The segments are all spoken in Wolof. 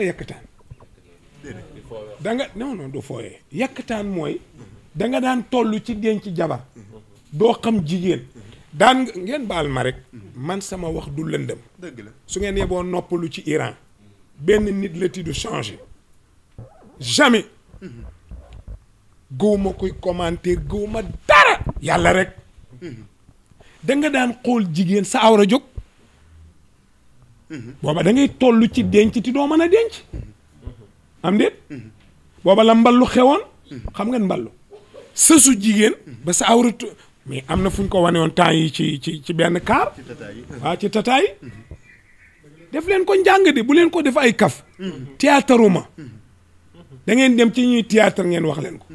na yàkkataan da nga non du fooyee yàkkataan mooy da nga daan tollu ci denc jabar doo xam jigéen daan ngeen baal ma rek man sama wax du lëndëm dëgg la su ngeen yeboo noppalu ci Iran benn nit la ti du changé jamais gëw ma koy commenter gëw ma dara yàlla rek mm-hmm. da nga daan xool jigéen sa awra jóg booba da ngay toll ci denc ti doo mën a denc. am déet. booba la mballu xewoon. xam ngeen mballu sësu jigéen. ba sa awratu mais am na fu ñu ko wane woon temps yi ci ci ci benn kaar. ci waaw ci tata def leen ko njàng di bu leen ko def ay kaf. théâtruma da dangeen dem ci ñuy théâtre ngeen wax leen ko.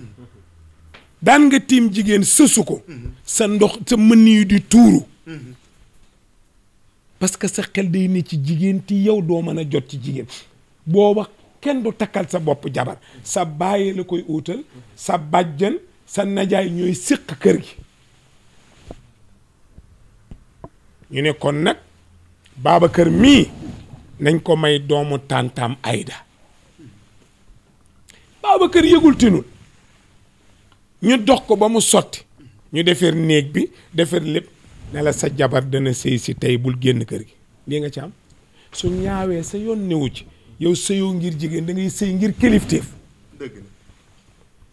daan nga tiim jigéen sësu ko. sa ndox sa mën yu di tuuru. parce que sa xel day ne ci jigéen ti yow doo mën a jot ci jigéen booba kenn du takkal sa bopp jabar sa bàyyi la koy uutal sa bàjjan sa najaay ñooy séq kër gi ñu ne kon nag kër mii nañ ko may doomu tàntam Ayda kër yëgul tinul ñu dox ko ba mu sotti ñu defar néeg bi defar lépp ne sa jabar dana sëy si tey bul génn kër gi lii nga ci am su ñaawee sa yoon newu ci yow sëyoo ngir jigéen da ngay sëy ngir kilifteef dëgg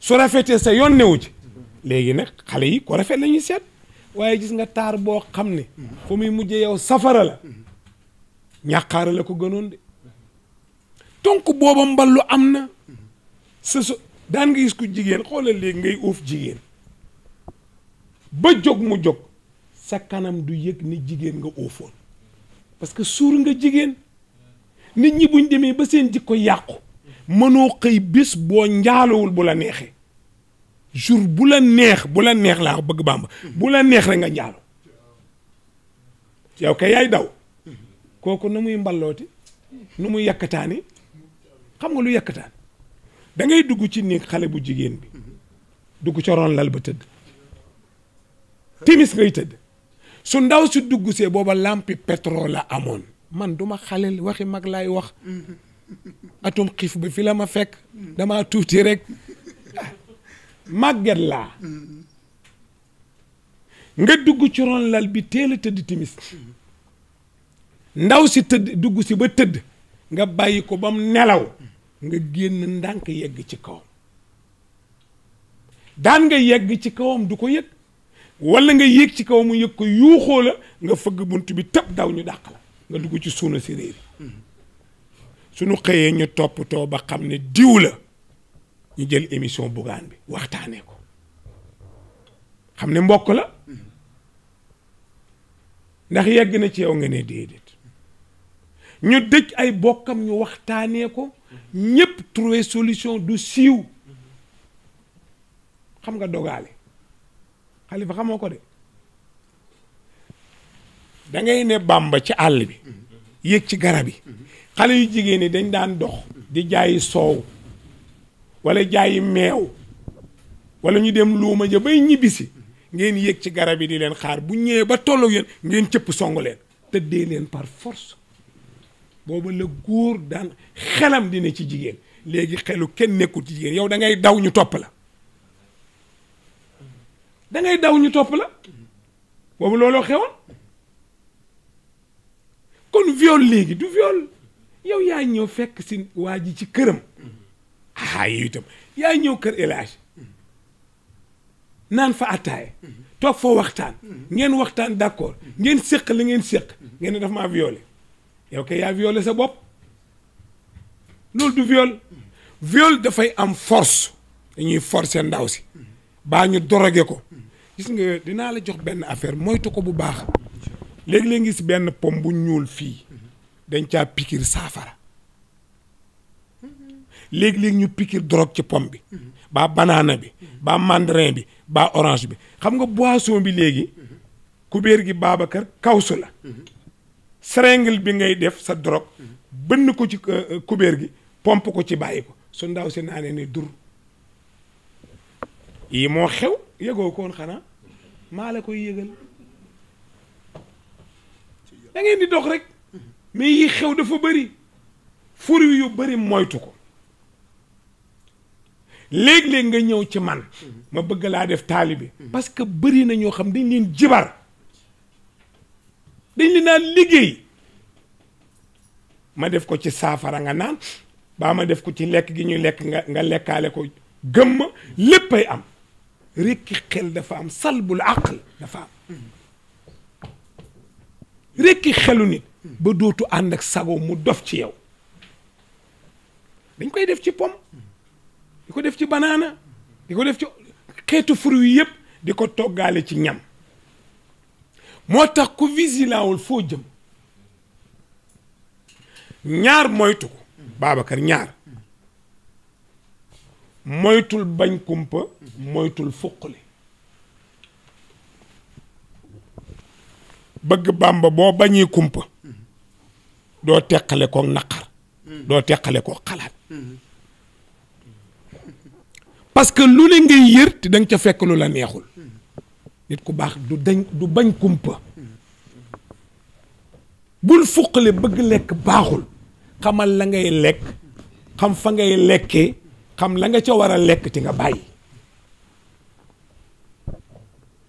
su rafetee sa yoon newu ci léegi nag xale yi ko rafet la ñuy seet waaye gis nga taar boo xam ne fu muy mujjee yow safara la ñàqaara la ko gënoon de donc booba mballu am na sa so daan nga gis ku jigéen xoolal léegi ngay uuf jigéen ba jóg mu jóg sa kanam du yëg ni jigéen nga oofoon parce que suur nga jigéen nit ñi buñ demee ba seen jikko yàqu mënoo xëy bis boo njaalowul bu la neexee jour bu la neex bu la neex laa bëgg bàmba bu la neex rek nga njaalo yow kay yaay daw kooku nu muy mballooti nu muy yakkataani xam nga lu yakkataan da ngay dugg ci néeg xale bu jigéen bi dugg ca ron lal ba tëdd timis ngay tëdd su ndaw si dugg see booba lampi pétrole la amoon man duma ma xalel waxi mag laay wax atum xiif bi fi la ma fekk damaa tuuti rek màgget laa nga dugg ci lal bi teel a tëdd timis ndaw si tëdd dugg si ba tëdd nga bàyyi ko ba mu nelaw nga génn ndànk yegg ci kawam daan nga yegg ci kawam du ko yëg wala nga yéeg ci kaw mu yëg ko yuuxoo la nga fëgg bunt bi tëb daw ñu dàq la nga dugg ci suuna si réer yi suñu xëyee ñu toppatoo ba xam ne diw la ñu jël émission bugaan bi waxtaanee ko xam ne mbokk la ndax yegg na ci yow nga ne déedéet ñu dëj ay bokkam ñu waxtaanee ko ñëpp trouver solution du siiw xam nga dogaale xalifa xamoo ko de dangay ne bàmba ci àll bi yéeg ci garab yi xale yu jigéen yi dañ daan dox di jaayi soow wala jaayi meew wala ñu dem luuma ja bay ñibbisi ngeen yéeg ci garab yi di leen xaar bu ñëwee ba tollu yéen ngeen cëpp song leen tëddee leen par force booba la góor daan xelam dina ci jigéen léegi xelu kenn nekkul ci jigéen yow dangay daw ñu topp la dangay daw ñu topp la boobu looloo xewoon kon viol léegi du viol yow yaa ñëw fekk si waa ji ci këram ah yooyu itam yaa ñëw kër El naan fa attaaye toog foo waxtaan ngeen waxtaan d'accord ngeen séq la ngeen séq ngeen ni daf maa violé yow kay yaa violé sa bopp loolu du viol viol dafay am force dañuy forcer ndaw si baa ñu dorogé ko gis nga dinaa la jox benn affaire moytu ko bu baax léegi-léegi gis benn pom bu ñuul fii dañ caa pikiir saafara léegi-léegi ñu pikiir drogue ci pom bi baa banaana bi baa mandarin bi baa orange bi xam nga boisson bi léegi kubéer gi kaw kawsu la seringle bi ngay def sa drogue bënn ko ci euh, euh, kubéer gi pompe ko ci bàyyi ko su ndaw si naanee ne dur yi moo xew yëgoo koon xanaa maa la koy yëgal da di dox rek mais yi xew dafa bëri furi yu bëri moytu ko léeg-léeg nga ñëw ci man ma bëgg laa def taalibe parce que bëri na ñoo xam dañ leen jibar dañ li naan liggéey ma def ko ci saafara nga naan baa ma def ko ci lekk gi ñu lekk nga nga lekkaale ko gëmma léppay am rekki xel dafa am salbul aql dafa am rekki xelu nit ba dootu ànd ak sago mu dof ci yow dañ koy def ci pom di ko def ci banaana di ko def ci xeetu fruit yëpp di ko toggaale ci ñam moo tax ku vigilaawul foo jëm ñaar moytu ko Babacar ñaar moytul bañ kumpa moytul fuqli bëgg bàmba boo bañee kumpa doo teqale ko naqar doo teqale ko xalaat parce que lu le ngay yër te da nga ca fekk lu la neexul nit ku baax du dañ du bañ kumpa bul fuqale bëgg lekk baaxul xamal la ngay lekk xam fa ngay lekkee xam la nga ca war a lekk ci nga bàyyi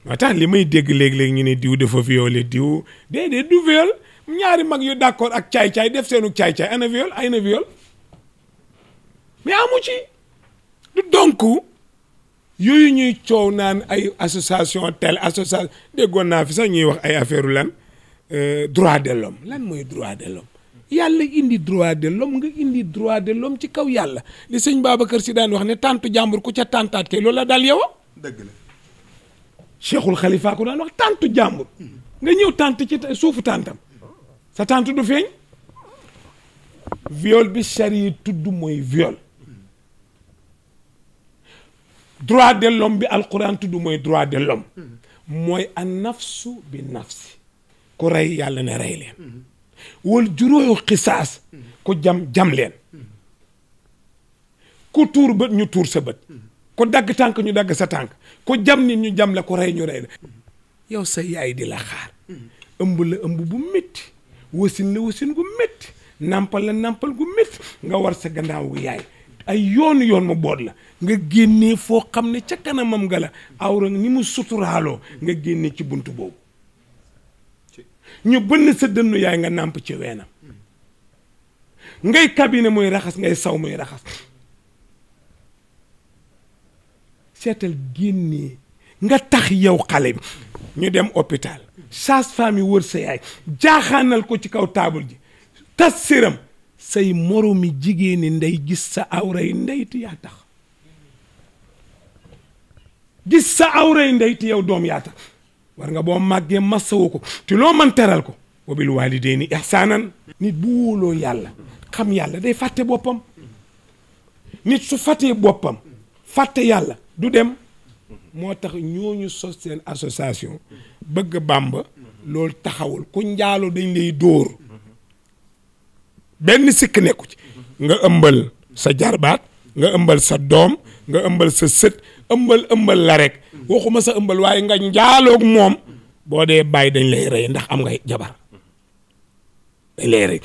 moo tax li may dégg léeg-léeg ñu ne diw dafa violé diw déedéet du viol ñaari mag yu d'accord ak caay-caay def seenu caay-caay ana viol ay na viol mais amu ci du donc yooyu ñuy coow naan ay association tele association déggoon naa fi sax ñuy wax ay affaire lan euh, droit de l'homme lan mooy droit de l'homme yàlla indi droit de l'homme nga indi droit de l'homme ci kaw yàlla li sëñ kër Si daan wax ne tàntu jàmbur ku ca tàntaat kay loolu la daal yow dëgg la cheikhul ko daan wax tàntu jàmbur nga ñëw tànt ci suufu tàntam sa tànt du feeñ viol bi charia tudd mooy viol droit de l'homme bi alquran tudd mooy droit de l'homme mooy an nafsu bi nafsi ku rey yàlla ne rey leen wal juróoyu xisaas ku jam jam leen ku tuur bët ñu tuur sa bët ku dagg tànk ñu dagg sa tànk ku jam nit ñu jam la ku rey ñu rey la yow sa yaay di la xaar ëmb la ëmb bu métti wasin la wasin gu métti nampal la nàmpal gu métti nga war sa gannaaw gu yaay ay yoonu yoon mu boot la nga génnee foo xam ne ca kanamam nga la awra ni mu suturaaloo nga génne ci bunt boobu ñu bënn sa dënnu yaay nga nàmp ci weenam ngay kabine muy raxas ngay saw muy raxas seetal génnee nga tax yow xale bi ñu dem hôpital sage-femme yi wër yaay jaaxaanal ko ci kaw taabul ji tas séram say moromi jigéeni ndey gis sa awray ndeytu yaa tax gis sa awray ndeytu yow doom yaa tax war nga boo màggee masawu ko te loo man teral ko wa bil ni ihsaanan nit bu wóoloo yàlla xam yàlla day fàtte boppam nit su fàttee boppam fàtte yàlla du dem moo tax ñooñu sos seen association bëgg bàmba loolu taxawul ku njaaloo dañ lay dóor benn sikk nekku ci nga ëmbal sa jarbaat nga ëmbal sa doom nga ëmbal sa sët ëmbal ëmbal la rek waxuma sa ëmbal waaye nga njaaloog moom boo dee bàyyi dañ lay rey ndax am nga jabar dañ lay rey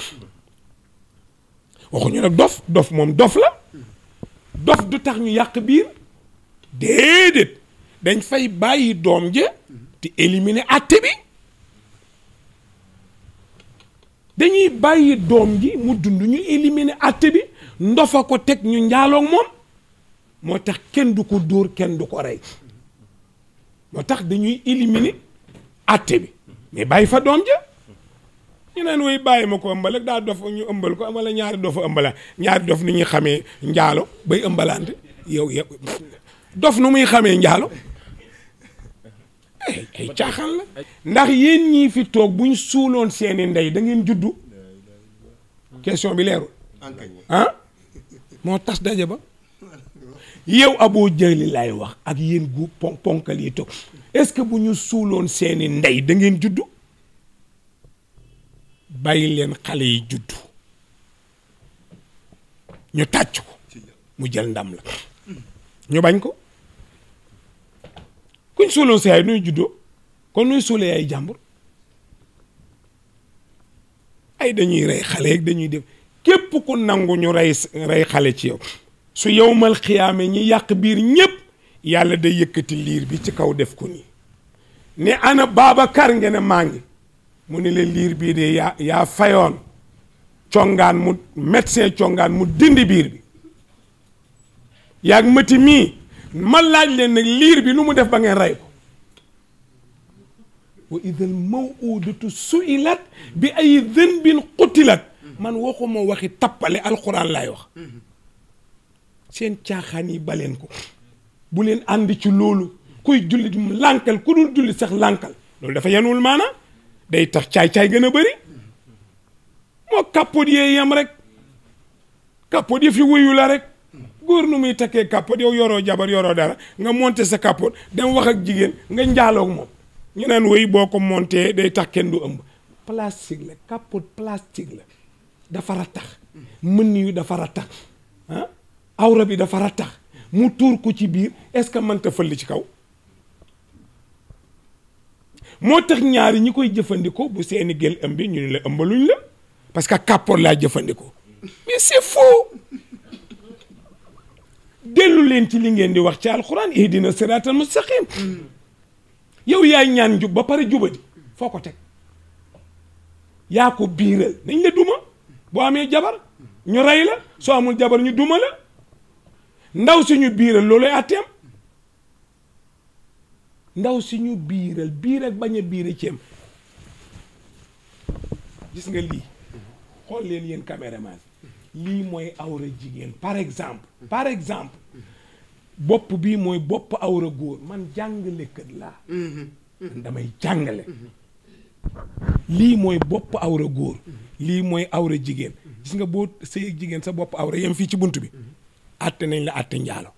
waxuñu nag dof dof moom dof la dof du tax ñu yàq biir déedéet dañ fay bàyyi doom je te éliminer àtte bi dañuy bàyyi doom ji mu dund ñu éliminer àtte bi ndofa ko teg ñu njaaloog moom moo tax kenn du ko dóor kenn du ko rey moo tax dañuy éliminer àtte bi mais bàyyi fa doom ja ñu neen woy bàyyi ma ko ëmbal ak daa dof ñu ëmbal ko wala ñaari dofa ëmbala ñaari dof ni ñuy xamee njaalo bay ëmbalante yow yow dof nu muy xamee njaalo ay caaxaan la ndax yéen ñii fi toog buñ suuloon seeni ndey dangeen juddu question bi leerul ah moo tas daje ba yow aboo jëli lay wax ak yéen gu pon ponkal yi toog est-ce que bu ñu suuloon seeni ndey dangeen juddu bàyyi leen xale yi juddu ñu tàcc ko mu jël ndam la ñu bañ ko kuñ suuloon si ay nuy juddoo kon nuy suulee ay jàmbur ay dañuy rey xale yeeg dañuy def képp ku nangu ñu rey xale ci yow su yowmal xiyaame ñi yàq biir ñépp yàlla de yëkkati liir bi ci kaw def ko nii ne ana Babacar ngeen maa ngi mu ni leen liir bii de yaa yaa fayoon congaan mu médecin congaan mu dindi biir bi yaag mëti mii ma laaj leen liir bi nu mu def bangeen ngeen ko wa idal mawudatu suilat bi ay dënbin qutilat man moo waxi tappale alxuraan laay wax seen caaxaan yi baleen ko bu leen ànd ci loolu kuy jullit lànkal ku dul jullit sax lànkal loolu dafa yenuwul maanaam day tax caay-caay gën a bëri moo kàppoot yee yem rek kàppoot yi fi wuyu la rek góor nu muy takkee kàppoot yow yoroo jabar yoroo dara nga monte sa kàppoot dem wax ak jigéen nga njaaloog moom ñu naan wéy boo ko monté day tax kenn du ëmb plastique la kàppoot plastique la dafa rattax mën yu dafa rattax ah awra bi dafa rattax mu tuur ko ci biir est-ce que mënta fëll ci kaw moo tax ñaari ñi koy jëfandikoo bu seeni gel ëmb ñu ne la ëmbaluñ la parce que kàppoor laa jëfandikoo mais c'est faux leen ci li ngeen di wax ci alxuraan ihdina siraatal mustaqim yow yaay ñaan jub ba pare jubadi foo ko teg yaa ko biiral nañ la duma boo amee jabar ñu rey la soo amul jabar ñu duma la ndaw si ñu biiral ate atteem ndaw si ñu biiral biir ak bañ a biira ceem gis nga lii xool leen yéen caméraman lii mooy awra jigéen par exemple par exemple bopp bii mooy bopp awra góor man jàngalekat laa mm-hmm. Mm-hmm. man damay jàngale mm-hmm. lii mooy bopp awra góor lii mooy awra jigéen gis nga boo sëy jigéen sa bopp awra yem fii ci bunt bi àtte nañ la àtte njaalo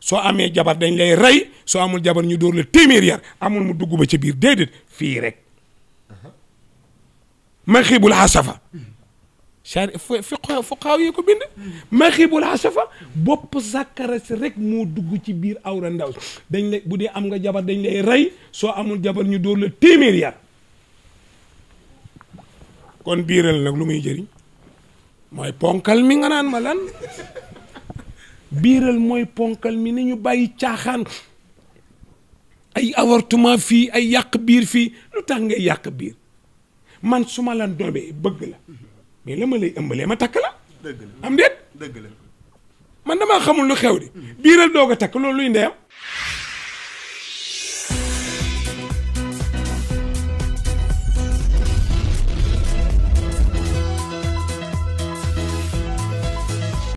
soo amee jabar dañ lay rey soo amul jabar ñu dóor la téeméer yar amul mu ba ca biir déedéet fii rek maxibul xasafa char fiqo ko bind maxibul xasafa bopp sàkkara rek moo dugg ci biir awra ndaw dañ bu dee am nga jabar dañ lay rey soo amul jabar ñu dóor la téeméer yar kon biiral nag lu muy jëriñ mooy ponkal mi nga naan ma lan biiral mooy ponkal mi ni ñu bàyyi caaxaan ay avortement fii ay yàq biir fii lu tax ngay yàq biir man su ma la doobee bëgg la mais la ma lay ëmbalee ma takk la am déet dëgg la man damaa xamul lu xew di biiral doog a takk loolu luy ndeyam